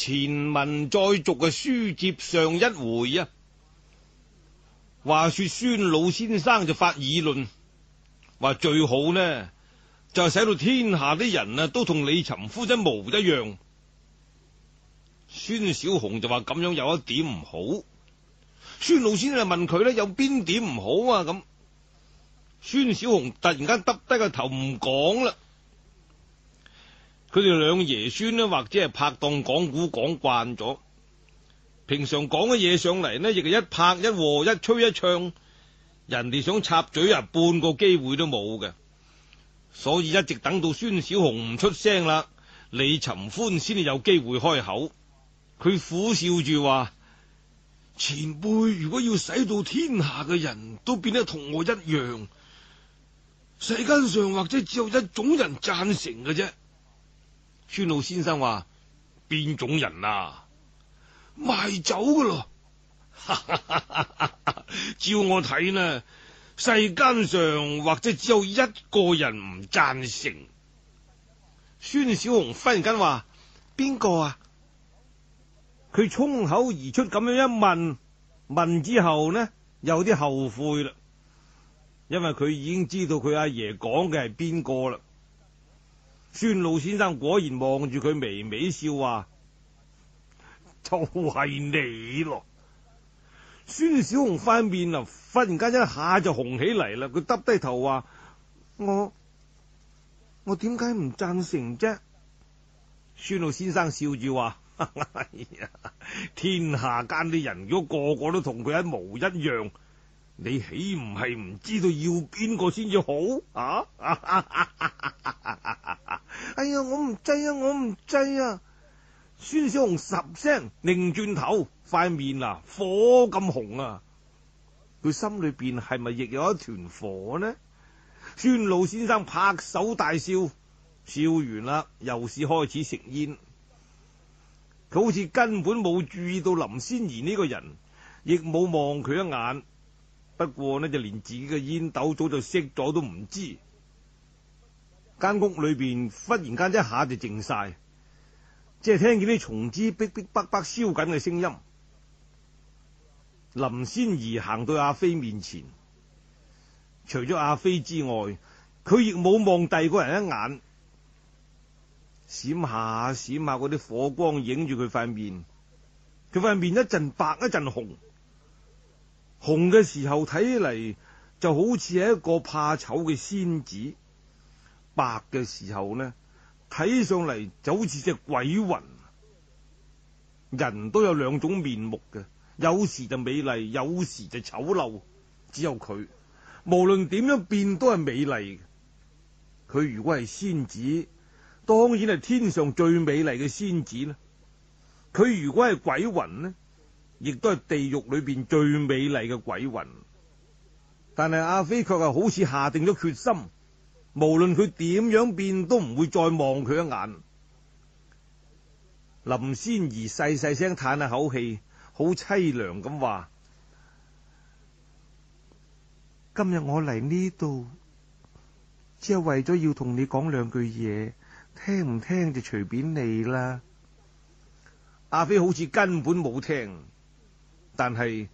前文再續嘅書接上一回啊，話說孫老先生就發議論，話最好呢就係使到天下啲人啊都同李尋夫真無一樣。孫小紅就話咁樣有一點唔好，孫老先生就問佢呢有邊點唔好啊咁，孫小紅突然間耷低個頭唔講啦。佢哋兩爺孫呢，或者係拍檔講古講慣咗，平常講嘅嘢上嚟呢，亦係一拍一和一吹一唱，人哋想插嘴啊，半個機會都冇嘅。所以一直等到孫小紅唔出聲啦，李尋歡先至有機會開口。佢苦笑住話：前輩如果要使到天下嘅人都變得同我一樣，世間上或者只有一種人讚成嘅啫。孫老先生話：邊種人啊，賣酒噶咯。 照我睇呢，世間上或者只有一個人唔讚成。孫小紅忽然間話：邊個啊？佢衝口而出咁樣一問，問之後呢，有啲後悔嘞，因為佢已經知道佢阿爺講嘅係邊個啦。孫老先生果然望住佢，微微笑話：就係你咯。孫小紅塊面啊，忽然間一下就紅起嚟啦。佢耷低頭話：我我點解唔贊成啫？孫老先生笑住話：哎呀，天下間啲人如果個個都同佢一模一樣。你豈唔係唔知道要邊個先至好啊？ 哎呀，我唔制啊，我唔制啊！孫小紅十聲擰轉頭，塊面啊火咁紅啊！佢心裏邊係咪亦有一團火呢？孫老先生拍手大笑，笑完啦，又是開始食煙。佢好似根本冇注意到林仙兒呢個人，亦冇望佢一眼。不過呢，就連自己嘅煙斗早就熄咗都唔知。間屋裏邊忽然間一下就靜晒，即係聽見啲松枝逼逼叭叭燒緊嘅聲音。林仙兒行到阿飛面前，除咗阿飛之外，佢亦冇望第個人一眼。閃下閃下啲火光影住佢塊面，佢塊面一陣白一陣紅。紅嘅時候睇起嚟，就好似係一個怕醜嘅仙子白嘅時候呢，睇上嚟就好似隻鬼魂。人都有兩種面目嘅，有時就美麗，有時就醜陋。只有佢，無論點樣變都係美麗嘅。佢如果係仙子，當然係天上最美麗嘅仙子啦。佢如果係鬼魂呢？亦都係地獄裏邊最美麗嘅鬼魂，但係阿飛卻係好似下定咗決心，無論佢點樣變，都唔會再望佢一眼。林仙兒細細聲嘆一口氣，好淒涼咁話，今日我嚟呢度，只係為咗要同你講兩句嘢，聽唔聽就隨便你啦。阿飛好似根本冇聽。但係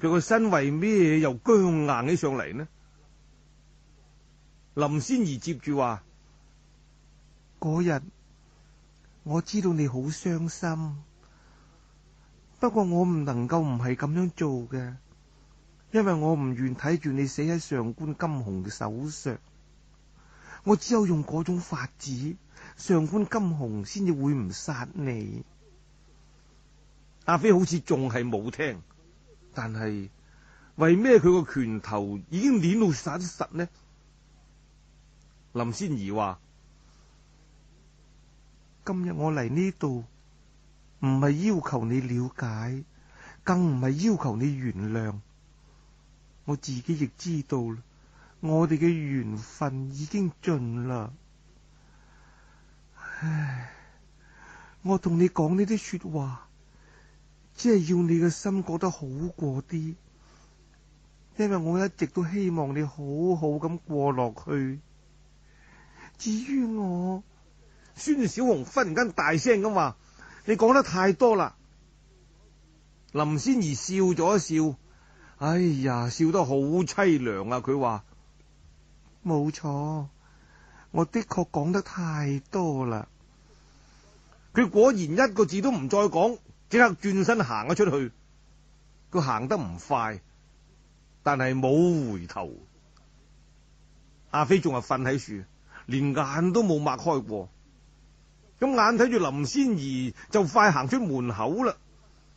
佢個身為咩又僵硬起上嚟呢？林仙兒接住話：嗰日我知道你好傷心，不過我唔能夠唔係咁樣做嘅，因為我唔願睇住你死喺上官金鴻嘅手上，我只有用嗰種法子，上官金鴻先至會唔殺你。阿飛好似仲係冇聽，但係為咩佢個拳頭已經捏到散實呢？林仙兒話：今日我嚟呢度，唔係要求你了解，更唔係要求你原諒。我自己亦知道，我哋嘅緣分已經盡啦。唉，我同你講呢啲說話。即係要你嘅心覺得好過啲，因為我一直都希望你好好咁過落去。至於我，孫小紅忽然間大聲咁話：你講得太多啦！林仙兒笑咗一笑，哎呀，笑得好凄涼啊！佢話：冇錯，我的確講得太多啦。佢果然一個字都唔再講。即刻轉身行咗出去，佢行得唔快，但係冇回頭。阿飛仲係瞓喺樹，連眼都冇擘開過。咁眼睇住林仙兒就快行出門口啦，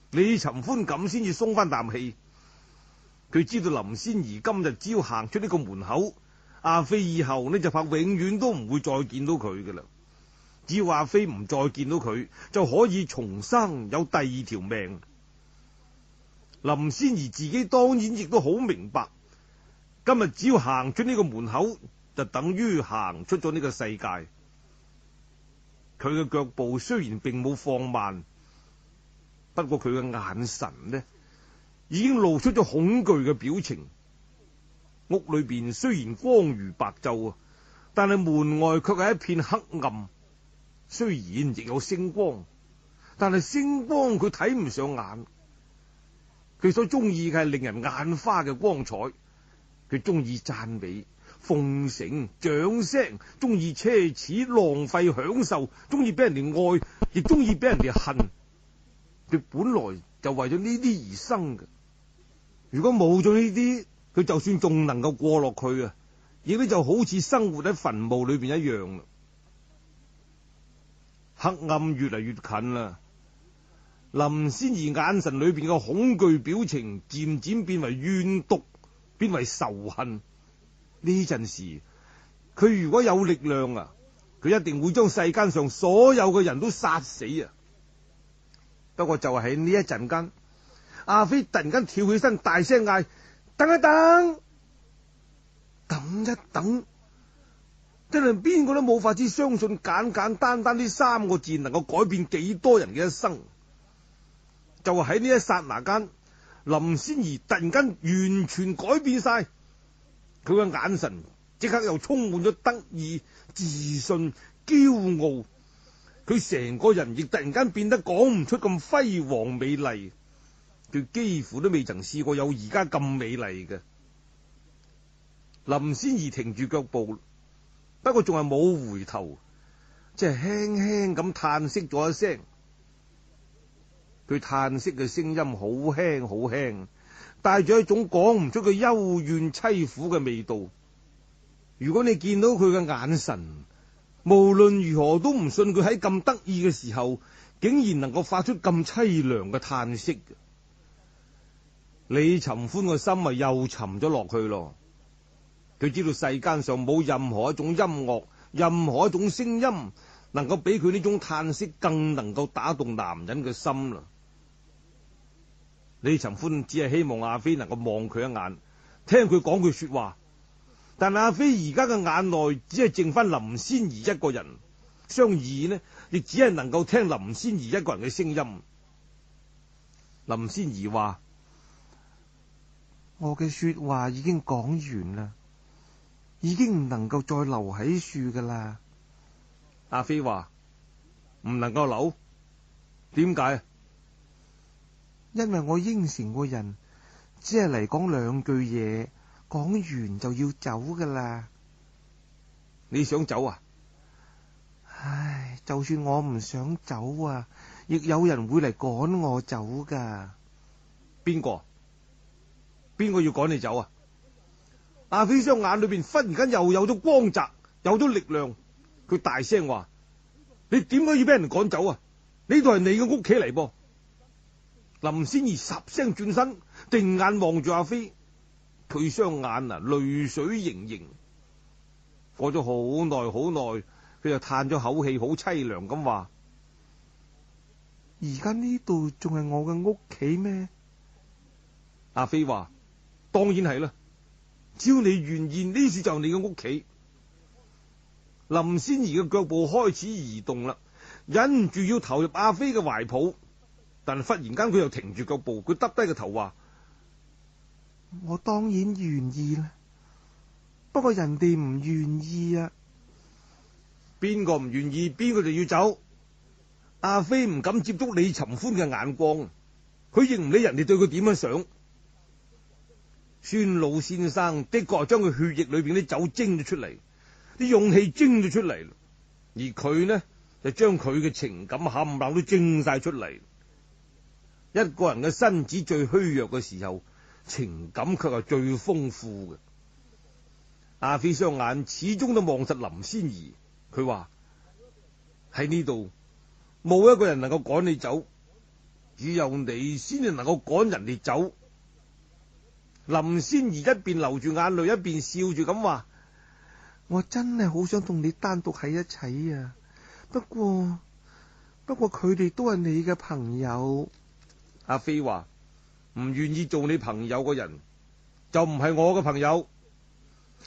李尋歡咁先至鬆翻啖氣。佢知道林仙兒今日只要行出呢個門口，阿飛以後呢就怕永遠都唔會再見到佢噶啦。只要阿飛唔再見到佢，就可以重生有第二條命。林仙兒自己當然亦都好明白，今日只要行出呢個門口，就等於行出咗呢個世界。佢嘅腳步雖然並冇放慢，不過佢嘅眼神呢，已經露出咗恐懼嘅表情。屋裏邊雖然光如白晝啊，但係門外卻係一片黑暗。雖然亦有星光，但係星光佢睇唔上眼，佢所中意嘅係令人眼花嘅光彩。佢中意讚美、奉承、掌聲，中意奢侈、浪費、享受，中意俾人哋愛，亦中意俾人哋恨。佢本來就為咗呢啲而生㗎。如果冇咗呢啲，佢就算仲能夠過落去啊，亦都就好似生活喺墳墓裏邊一樣啦。黑暗越嚟越近啦，林仙兒眼神裏邊嘅恐懼表情，漸漸變為怨毒，變為仇恨。呢陣時，佢如果有力量啊，佢一定會將世間上所有嘅人都殺死啊！不過就喺呢一陣間，阿飛突然間跳起身，大聲嗌：等一等，等一等！真係，邊個都冇法子相信，簡簡單單呢三個字能夠改變幾多人嘅一生。就喺呢一剎那間，林仙兒突然間完全改變晒佢嘅眼神，即刻又充滿咗得意、自信、驕傲。佢成個人亦突然間變得講唔出咁輝煌美麗。佢幾乎都未曾試過有而家咁美麗嘅。林仙兒停住腳步。不過仲係冇回頭，即係輕輕咁嘆息咗一聲。佢嘆息嘅聲音好輕好輕，帶住一種講唔出佢幽怨淒苦嘅味道。如果你見到佢嘅眼神，無論如何都唔信佢喺咁得意嘅時候，竟然能夠發出咁淒涼嘅嘆息。李尋歡個心咪又沉咗落去咯。佢知道世間上冇任何一種音樂，任何一種聲音，能夠比佢呢種嘆息更能夠打動男人嘅心啦。李尋歡只係希望阿飛能夠望佢一眼，聽佢講句說話。但阿飛而家嘅眼內只係剩翻林仙兒一個人，雙耳呢亦只係能夠聽林仙兒一個人嘅聲音。林仙兒話：我嘅說話已經講完啦。已經唔能夠再留喺處噶啦，阿飛話，唔能夠留，點解？因為我應承過人，只係嚟講兩句嘢，講完就要走噶啦。你想走啊？唉，就算我唔想走啊，亦有人會嚟趕我走噶。邊個？邊個要趕你走啊？阿飛雙眼裏邊忽然間又有咗光澤，有咗力量。佢大聲話：你點可以俾人趕走啊？呢度係你嘅屋企嚟噃！林仙兒十聲轉身，定眼望住阿飛，佢雙眼啊淚水盈盈。過咗好耐好耐，佢就嘆咗口氣，好凄涼咁話：而家呢度仲係我嘅屋企咩？阿飛話：當然係啦。只要你願意，呢處就係你嘅屋企。林仙兒嘅腳步開始移動啦，忍唔住要投入阿飛嘅懷抱，但忽然間佢又停住腳步，佢耷低個頭話：我當然願意啦，不過人哋唔願意啊。邊個唔願意，邊個就要走。阿飛唔敢接觸李尋歡嘅眼光，佢認唔理人哋對佢點樣想。孫老先生的確係將佢血液裏邊啲酒蒸咗出嚟，啲勇氣蒸咗出嚟，而佢呢就將佢嘅情感冚唪唥都蒸晒出嚟。一個人嘅身子最虛弱嘅時候，情感卻係最豐富嘅。阿飛雙眼始終都望實林仙兒，佢話，喺呢度冇一個人能夠趕你走，只有你先至能夠趕人哋走。林仙兒一邊流住眼淚一邊笑住咁話：我真係好想同你單獨喺一齊啊！不過，不過佢哋都係你嘅朋友。阿飛話：唔願意做你朋友個人，就唔係我嘅朋友。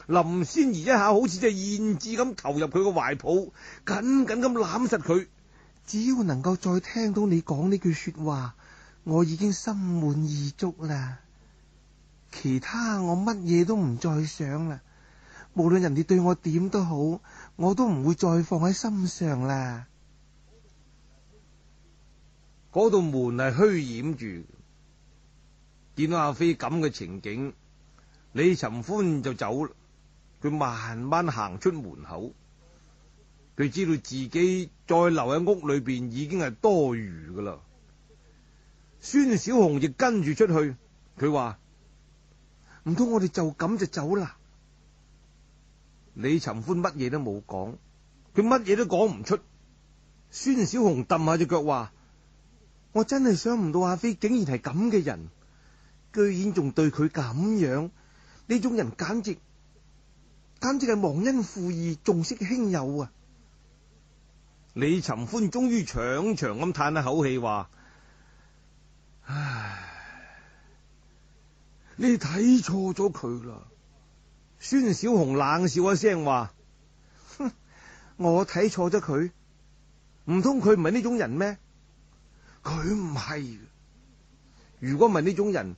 林仙兒一下好似隻燕子咁投入佢嘅懷抱，緊緊咁攬實佢。只要能夠再聽到你講呢句說話，我已經心滿意足啦。其他我乜嘢都唔再想啦，無論人哋對我點都好，我都唔會再放喺心上啦。嗰道門係虛掩住，見到阿飛咁嘅情景，李尋歡就走啦。佢慢慢行出門口，佢知道自己再留喺屋裏邊已經係多餘噶啦。孫小紅亦跟住出去，佢話。唔通我哋就咁就走啦？李尋歡乜嘢都冇講，佢乜嘢都講唔出。孫小紅揼下隻腳話：我真係想唔到阿飛竟然係咁嘅人，居然仲對佢咁樣，呢種人簡直簡直係忘恩負義、重色輕友啊！李尋歡終於長長咁嘆一口氣話：唉。你睇錯咗佢啦！孫小紅冷笑一聲話：哼，我睇錯咗佢，唔通佢唔係呢種人咩？佢唔係。如果唔係呢種人，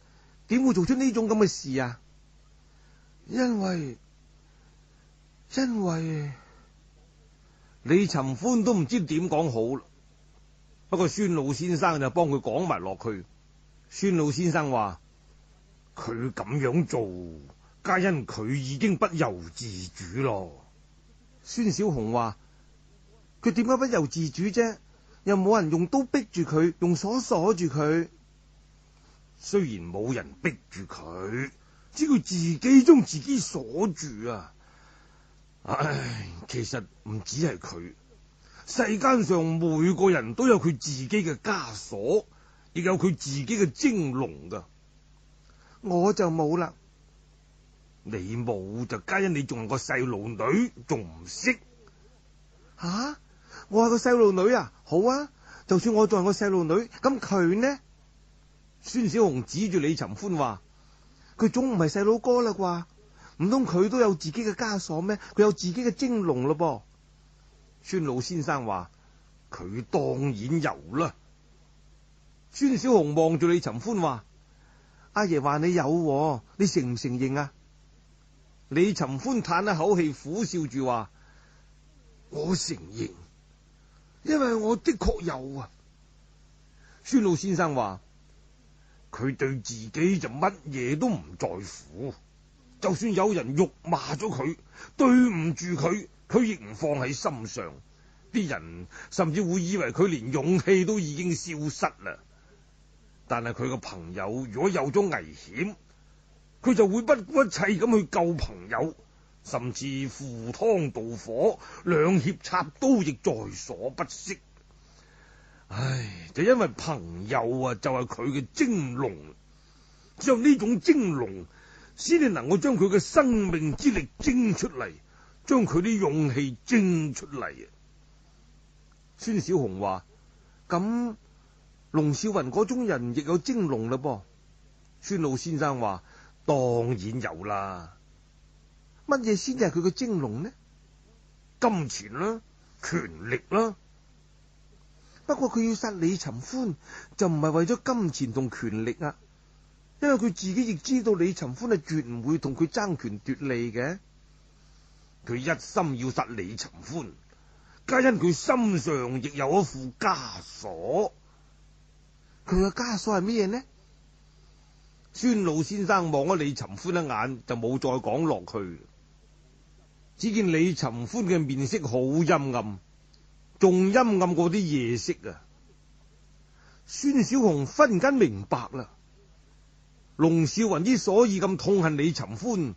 點會做出呢種咁嘅事啊？因為，因為李尋歡都唔知點講好啦。不過孫老先生就幫佢講埋落去。孫老先生話。佢咁樣做，皆因佢已經不由自主咯。孫小紅話：佢點解不由自主啫？又冇人用刀逼住佢，用鎖鎖住佢。雖然冇人逼住佢，只佢自己將自己鎖住啊！唉，其實唔止係佢，世間上每個人都有佢自己嘅枷鎖，亦有佢自己嘅蒸籠噶。我就冇啦，你冇就皆因你仲係個細路女，仲唔識？吓、啊，我係個細路女啊！好啊，就算我仲係個細路女，咁佢呢？孫小紅指住李尋歡話：佢總唔係細佬哥啦啩？唔通佢都有自己嘅枷鎖咩？佢有自己嘅蒸籠咯？噃，孫老先生話：佢當然有啦。孫小紅望住李尋歡話。阿爺話你有喎，你承唔承認啊？李尋歡嘆一口氣，苦笑住話：我承認，因為我的確有啊。孫老先生話：佢對自己就乜嘢都唔在乎，就算有人辱罵咗佢，對唔住佢，佢亦唔放喺心上。啲人甚至會以為佢連勇氣都已經消失啦。但係佢個朋友如果有咗危險，佢就會不顧一切咁去救朋友，甚至赴湯蹈火、兩脅插刀亦在所不惜。唉，就因為朋友啊，就係佢嘅蒸籠，只有呢種蒸籠先至能夠將佢嘅生命之力蒸出嚟，將佢啲勇氣蒸出嚟啊！孫小紅話：咁。龍嘯雲嗰種人亦有蒸籠啦噃，孫老先生話，當然有啦。乜嘢先至係佢嘅蒸籠呢？金錢啦、啊，權力啦、啊。不過佢要殺李尋歡就唔係為咗金錢同權力啊，因為佢自己亦知道李尋歡係絕唔會同佢爭權奪利嘅。佢一心要殺李尋歡，皆因佢心上亦有一副枷鎖。佢嘅枷鎖係咩嘢呢？孫老先生望咗李尋歡一眼，就冇再講落去。只見李尋歡嘅面色好陰暗，仲陰暗過啲夜色啊！孫小紅忽然間明白啦，龍少雲之所以咁痛恨李尋歡，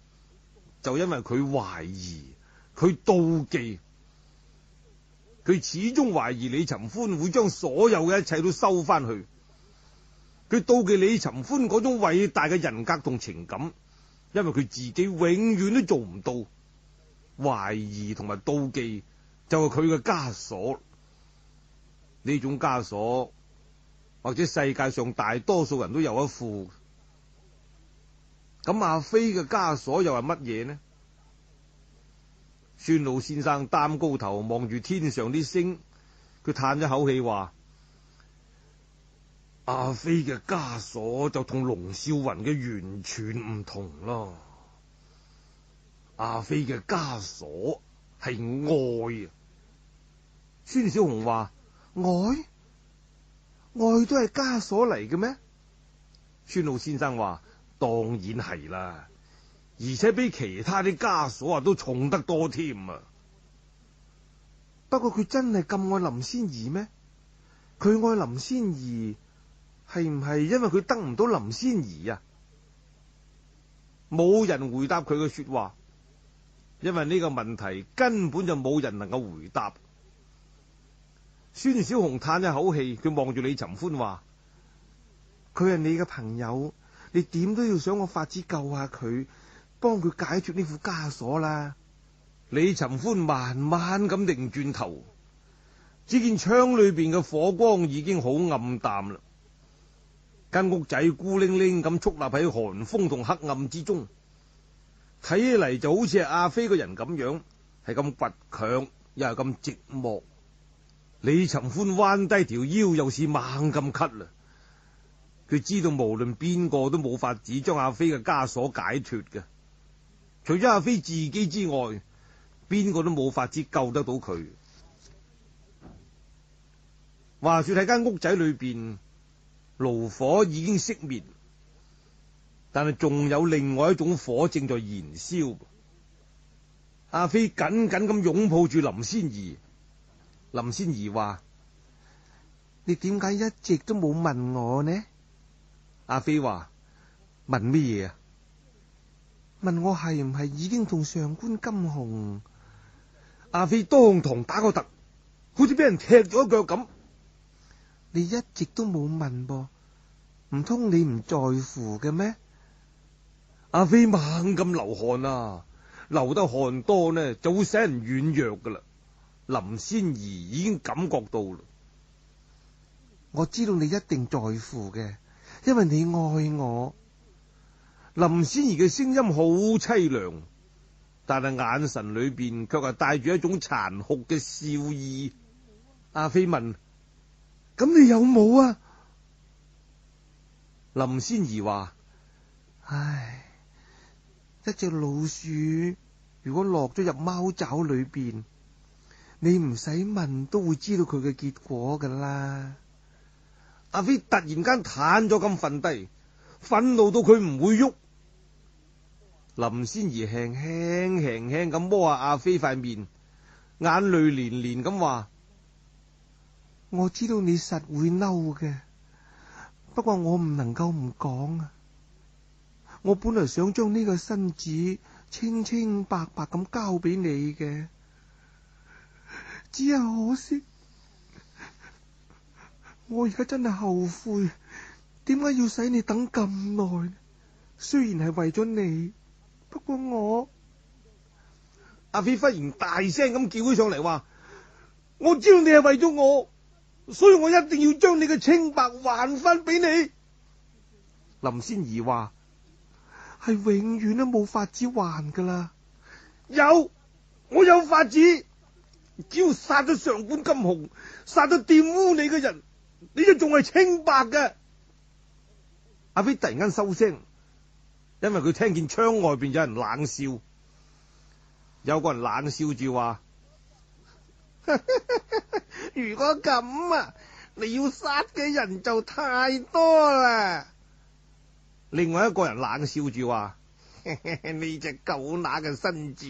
就因為佢懷疑，佢妒忌，佢始終懷疑李尋歡會將所有嘅一切都收翻去。佢妒忌李尋歡嗰種偉大嘅人格同情感，因為佢自己永遠都做唔到，懷疑同埋妒忌就係佢嘅枷鎖。呢種枷鎖，或者世界上大多數人都有一副。咁阿飛嘅枷鎖又係乜嘢呢？孫老先生擔高頭，望住天上啲星，佢嘆咗口氣話。阿飛嘅枷鎖就同龍少雲嘅完全唔同咯。阿飛嘅枷鎖係愛啊。孫小紅話：愛，愛都係枷鎖嚟嘅咩？孫老先生話：當然係啦，而且比其他啲枷鎖啊都重得多添啊。不過佢真係咁愛林仙兒咩？佢愛林仙兒。係唔係因為佢得唔到林仙兒啊？冇人回答佢嘅說話，因為呢個問題根本就冇人能夠回答。孫小紅嘆一口氣，佢望住李尋歡話：佢係你嘅朋友，你點都要想個法子救下佢，幫佢解除呢副枷鎖啦。李尋歡慢慢咁擰轉頭，只見窗裏邊嘅火光已經好暗淡啦。間屋仔孤零零咁矗立喺寒風同黑暗之中，睇起嚟就好似係阿飛個人咁樣，係咁倔強又係咁寂寞。李尋歡彎低條腰，又是猛咁咳啦。佢知道無論邊個都冇法子將阿飛嘅枷鎖解脫嘅，除咗阿飛自己之外，邊個都冇法子救得到佢。話說喺間屋仔裏邊。爐火已經熄滅，但係仲有另外一種火正在燃燒。阿飛緊緊咁擁抱住林仙兒，林仙兒話：你點解一直都冇問我呢？阿飛話：問咩嘢啊？問我係唔係已經同上官金虹？阿飛當堂打個突，好似俾人踢咗一腳咁。你一直都冇問噃，唔通你唔在乎嘅咩？阿飛猛咁流汗啊，流得汗多呢，就會使人軟弱噶啦。林仙兒已經感覺到啦，我知道你一定在乎嘅，因為你愛我。林仙兒嘅聲音好凄涼，但係眼神裏邊卻係帶住一種殘酷嘅笑意。阿飛問。咁你有冇啊？林仙兒話：唉，一隻老鼠如果落咗入貓爪裏邊，你唔使問都會知道佢嘅結果噶啦。阿飛突然間癱咗咁瞓低，憤怒到佢唔會喐。林仙兒輕輕輕輕咁摸下阿飛塊面，眼淚連連咁話。我知道你實會嬲嘅，不過我唔能夠唔講。我本來想將呢個身子清清白白咁交俾你嘅，只係可惜，我而家真係後悔，點解要使你等咁耐？雖然係為咗你，不過我……阿飛忽然大聲咁叫佢上嚟話：我知道你係為咗我。所以我一定要將你嘅清白還翻。俾你。林仙兒話，係永遠都冇法子還噶啦。有，我有法子，只要殺咗上官金虹，殺咗玷污你嘅人，你就仲係清白嘅。阿飛突然間收聲，因為佢聽見窗外邊有人冷笑。有個人冷笑住話。 如果咁啊，你要殺嘅人就太多啦。另外一個人冷笑住話：嘿嘿嘿，呢隻狗乸嘅身子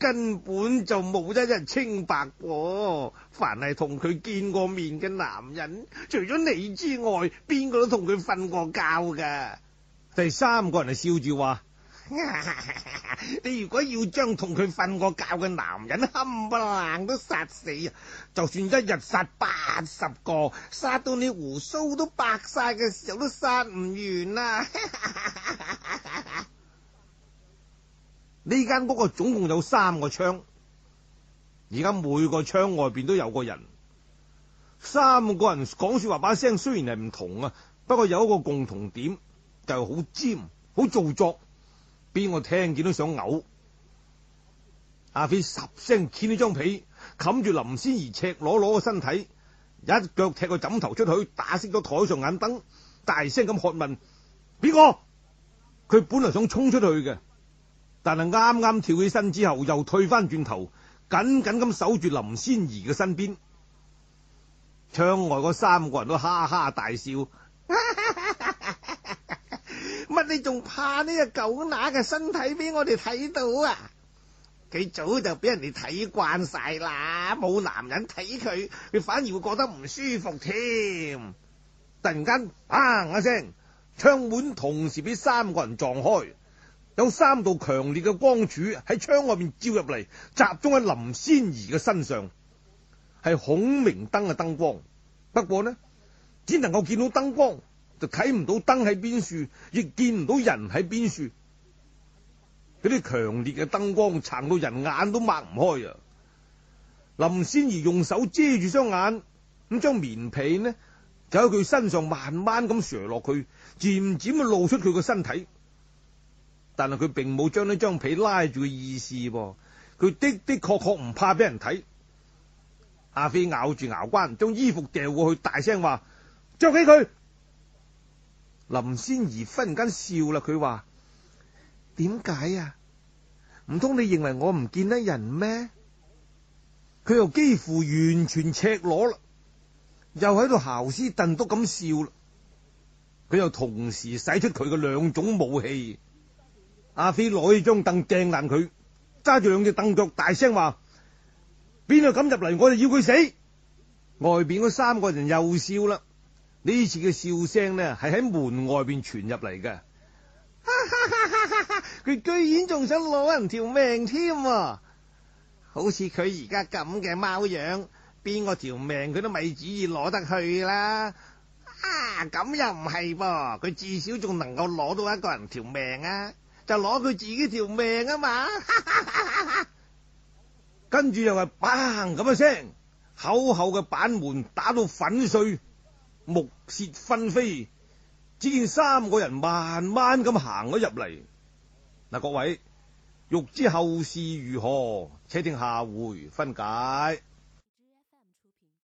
根本就冇一人清白過，凡係同佢見過面嘅男人，除咗你之外，邊個都同佢瞓過覺噶。第三個人係笑住話。 你如果要將同佢瞓過覺嘅男人冚唪唥都殺死，就算一日殺八十個，殺到你鬍鬚都白晒嘅時候都殺唔完啊！呢間屋啊，總共有三個窗，而家每個窗外邊都有個人。三個人講說話，把聲雖然係唔同啊，不過有一個共同點就係好尖、好做作。畀我聽見都想嘔，阿飛十聲掀咗張被，冚住林仙兒赤裸裸嘅身體，一腳踢個枕頭出去，打熄咗台上眼燈，大聲咁喝問：邊個？佢本來想衝出去嘅，但係啱啱跳起身之後，又退翻轉頭，緊緊咁守住林仙兒嘅身邊。窗外三個人都哈哈大笑。 乜你仲怕呢隻狗乸嘅身體俾我哋睇到啊？佢早就俾人哋睇慣晒啦，冇男人睇佢，佢反而會覺得唔舒服添。突然間，啪一聲，窗門同時俾三個人撞開，有三道強烈嘅光柱喺窗外面照入嚟，集中喺林仙兒嘅身上，係孔明燈嘅燈光。不過呢，只能夠見到燈光。就睇唔到燈喺邊處，亦見唔到人喺邊處。嗰啲強烈嘅燈光，撐到人眼都擘唔開啊！林仙兒用手遮住雙眼，咁將棉被呢，就喺佢身上慢慢咁斜落去，漸漸露出佢個身體。但係佢並冇將呢張被拉住嘅意思噃，佢的的確確唔怕俾人睇。阿飛咬住牙關，將衣服掉過去，大聲話，着起佢！林仙兒忽然間笑啦，佢話：點解啊？唔通你認為我唔見得人咩？佢又幾乎完全赤裸啦，又喺度姣屍頓篤咁笑啦。佢又同時使出佢嘅兩種武器。阿飛攞起張凳掟爛佢，揸住兩隻凳腳大聲話：邊度敢入嚟，我哋要佢死！外邊嗰三個人又笑啦。呢次嘅笑聲呢，係喺門外邊傳入嚟嘅。佢 居然仲想攞人條命添？啊，好似佢而家咁嘅貓樣，邊個條命佢都咪旨意攞得去啦。啊，咁又唔係噃，佢至少仲能夠攞到一個人命，啊、條命啊，就攞佢自己條命啊嘛。跟住又係砰咁一聲，厚厚嘅板門打到粉碎。木屑紛飛，只見三個人慢慢咁行咗入嚟。嗱，各位欲知後事如何，且聽下回分解。